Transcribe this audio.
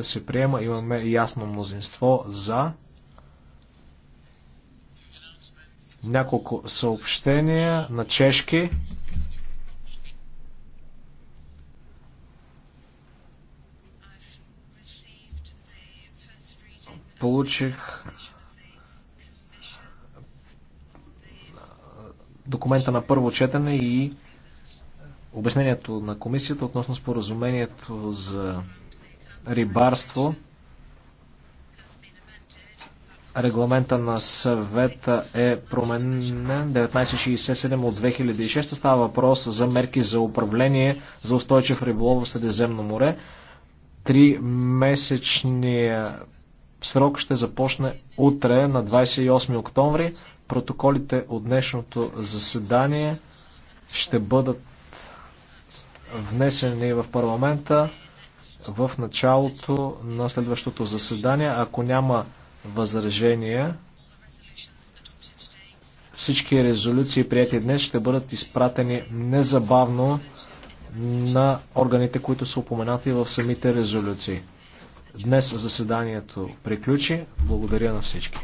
Да се приема. Имаме ясно мнозинство за. Няколко съобщения на чешки. Получих документа на първо четене и обяснението на комисията относно споразумението за рибарство. Регламента на съвета е променен 1967 от 2006. Става въпрос за мерки за управление за устойчив риболов в Средиземно море. Три месечния срок ще започне утре на 28 октомври. Протоколите от днешното заседание ще бъдат внесени в парламента в началото на следващото заседание. Ако няма възражения, всички резолюции, прияти днес, ще бъдат изпратени незабавно на органите, които са упоменати в самите резолюции. Днес заседанието приключи. Благодаря на всички.